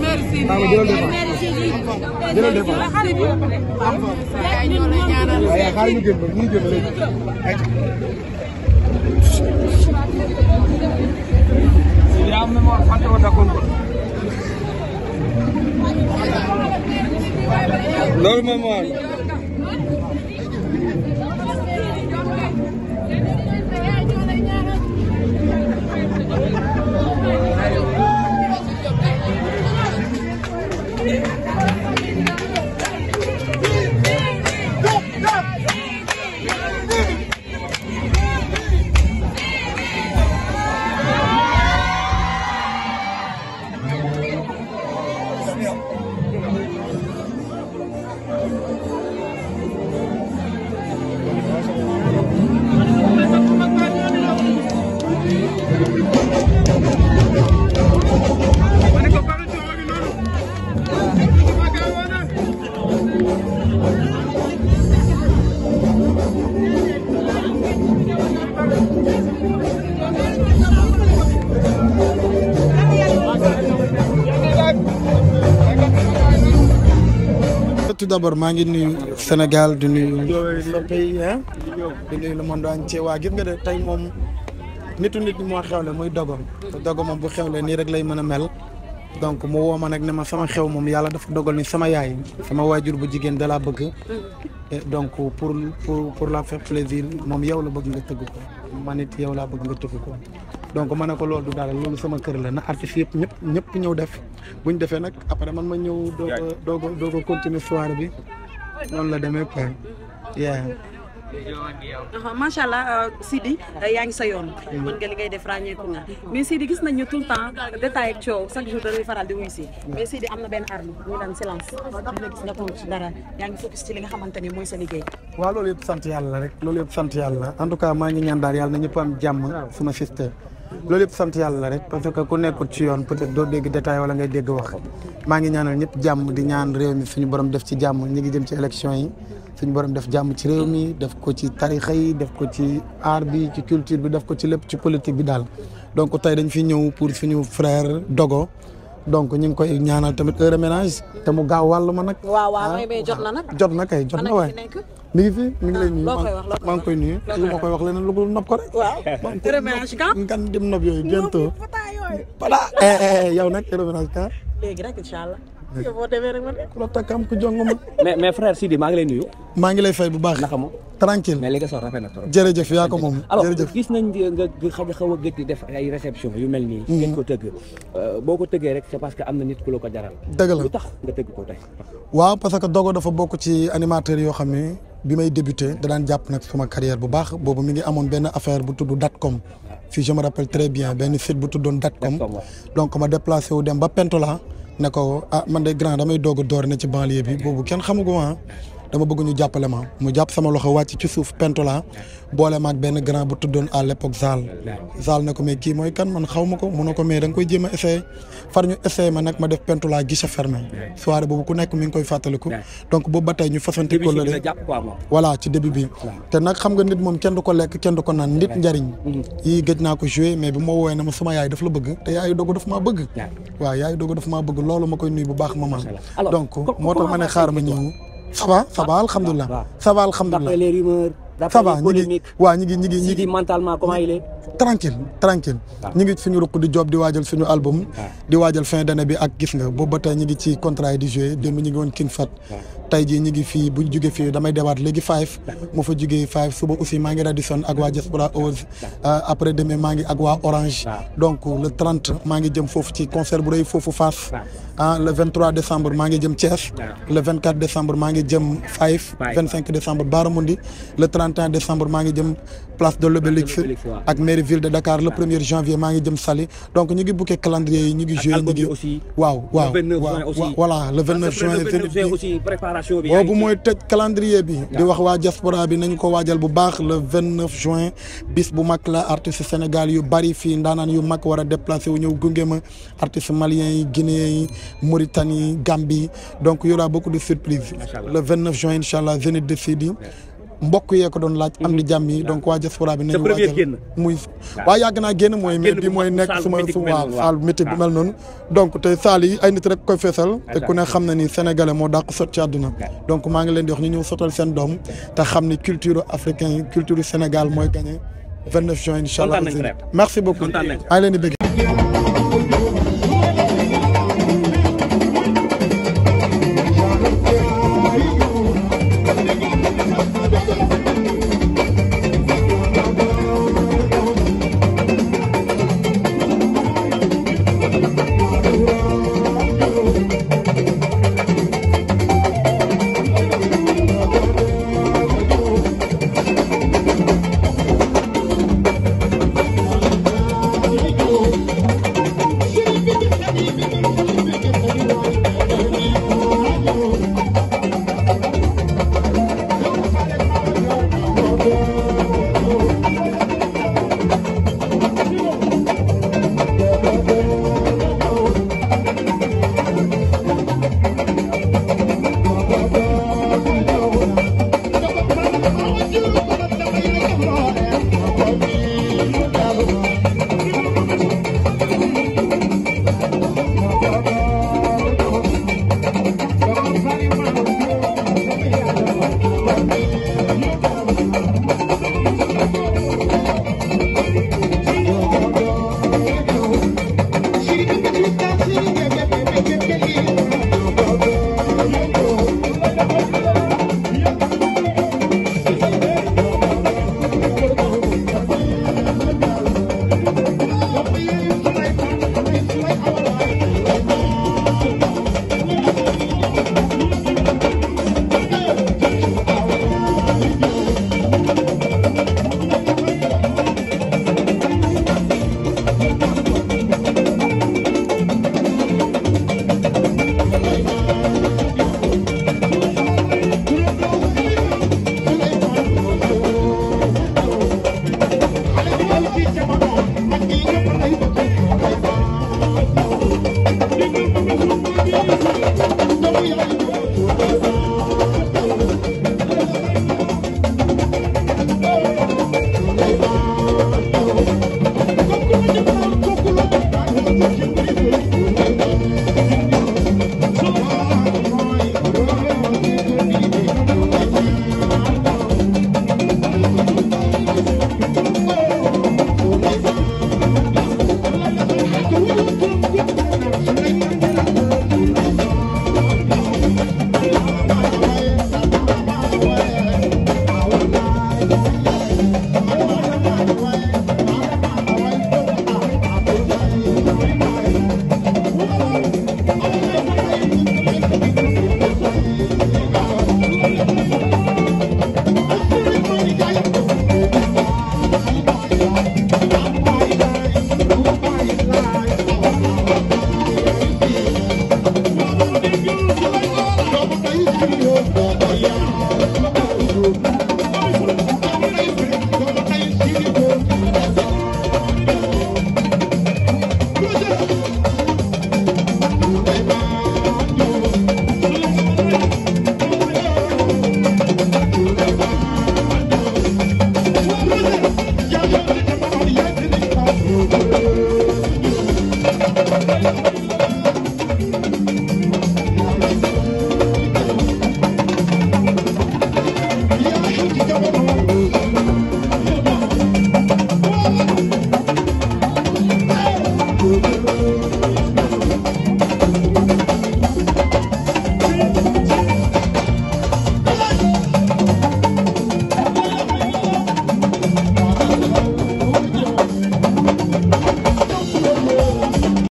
merci jërëjëf jërëjëf. loolu moom moo d' maa ngi nuyu Sénégal du nuyu soppe yi di nuyu le monde entier waa gis nga de tey moom nitu nit ñi moo xewle muy dogo dogo moom bu xewle nii rek lay mën a mel donc mu woo ma nag ne ma sama xew moom yàlla dafa dogal ni sama yaay sama waajur bu jigéen da laa bëgg donc pour pour pour la faire plaisir moom yow la bëgg nga tëgg ko man it yow laa bëgg nga tëgg ko donc ma ne ko loolu du dara loolu sama kër la na artistes yëpp ñëpp ñëpp ñëw def bu ñu defee nag après man ma ñëw. doogo a doog a continuer soirée bi noonu la demee quoi yeah. macha allah euh, Sidi euh, yaa ngi sa yoon. Mm-hmm. mën nga li ngay def ràññeeku nga mais Sidi gis nañu tout le temps détail ak coow chaque jour dañuy faral di wuy si. mais Sidi am na benn arme muy daan silence. dina gis nga tontu dara yaa ngi focus ci li nga xamante ni mooy sa liggéey. waaw loolu yëpp sant yàlla rek. loolu yëpp sant yàlla en tout cas maa ngi ñaan na ñëpp am jàmm suma sister. loolu yëpp sant yàlla rek parce que ku nekkul ci yoon peut-être doo dégg détail wala ngay dégg wax maa ngi ñaanal ñëpp jàmm di ñaan réew mi suñu borom def ci jàmm ñu ngi jëm ci élection yi suñu borom def jàmm ci réew mi def ko ci tarixa yi def ko ci aar bi ci culture bi def ko ci lépp ci politique bi daal donc tey dañ fi ñëw pour suñu frère Dogo donc ñu ngi koy ñaanal tamit heure ménage te mu gaaw wàllu ma nag. waaw waaw ah. mais jot na nag. jot na kay jot na waay mi ngi fi mi ngi lay ah, nuyu maa ngi koy nuyu ma koy wax leneen lu ko nopp ko rek. waaw heure ménage kan. ngan dem nopp yooyu bientôt. pata eh, eh, eh, yow nag heure ménage kan. allah. yow boo demee rek man ku la takk am ku jong ma. mais frère Sidi maa ngi lay nuyu. maa ngi lay fay bu baax tranquille na trop. jërëjëf yaa ko moom jërëjëf gis nañ nga nga xaw a gëj def ay réception yu mel nii. ngeen ko tëgg euh, boo ko tëggee rek c'est parce que am na nit ko jaral. dëgg la lu ko tey. waaw parce que Dogo dafa bokk ci animateurs yoo xam ne bi may débuté da daan jàpp nag sama carrière bu baax boobu mi ngi amoon benn affaire bu tudd Datcom fii je me rappelle très bien benn site bu tuddoon Datcom donc ma déplacé wu dem ba la ne ko ah man de grand damay doog a door ne ci banlieue bi boobu kenn xamu ko dama bëgg ñu jàppale ma mu jàpp sama loxo wàcc ci suuf pentola boole ma benn grand bu tuddoon à l'époque Zal Zal na ko mais kii mooy kan man xaw ma ko mun na ko mais da nga koy jéem a essayé far ñu essayé ma nag ma def pentola guichet fermé soirée boobu ku nekk mi ngi koy fàttaliku donc boobu ba tey ñu fasante ko lële voilà ci début bi te nag xam nga nit moom kenn du ko lekk kenn du ko naan nit njariñ mm-hmm. yii gëj naa ko joué mais bi ma woowee na ma sama yaay daf la bëgg te yaayu dogu daf maa bëgg waaw yaayu dogu daf loolu ma koy nuyu bu baax maman donc moo tax ma ne xaar ma ñëw ça va ça va alhamdulilah. ça va alhamdulilah d'après les rumeurs. d'après les polémiques. waaw ñu ngi ñu ngi ñu ngi mentalement comment il est. tranquille tranquille ñu ngi suñu ruq di job di waajal suñu album di waajal fin d'année bi ak gis nga boobu ba tey ñu ngi ci contrat yi di joué démb ñu ngi woon King Fat tey jii ñu ngi fii bu jóge fii damay dewaat léegi five mu fa jógee five suba aussi maa ngi Radisson ak waa Diaspora Oz euh, après demain maa ngi ak waa Orange donc le 30 maa ngi jëm foofu ci concert bu rëy foofu Fass ah le 23 décembre maa ngi jëm Thiès le 24 décembre maa ngi jëm five 25 décembre Baramundi le 31 maa ngi jëm place mairie ville de Dakar le premier janvier maa ngi jëm Saly donc ñu ngi bouqué calendrier yi ñu ngi joué ñu ngi waaw waaw voilà le 29 juin aussi préparation bi boobu mooy tëj calendrier bi di wax waa diaspora bi nañ ko waajal bu baax le 29 juin bis bu mag la artiste Sénégal yu bari fii ndaanaan yu mag war a déplacé wu ñëw gunge ma artiste maliens yi guinéens yi Mauritanie Gambie donc y aura beaucoup de surprises le 29 juin incha allah Zénith de Sidi mbokk yee ko doon laaj am di jàmm yi mm-hmm. donc waa diaspora bi nañu waajal muy waa yàgg naa génn mooy mais mooy nekk suma waa saal métier bi mel noonu donc te saal yi ay nit rek koy feesal te ku ne xam na ni sénégalais moo dàq sot ci àdduna donc maa ngi leen di wax ñu ñëw sotal seen doom te xam ni culture africain culture Sénégal mooy gagné vingt neuf juin incha allah merci beaucoup maa leen di bëgg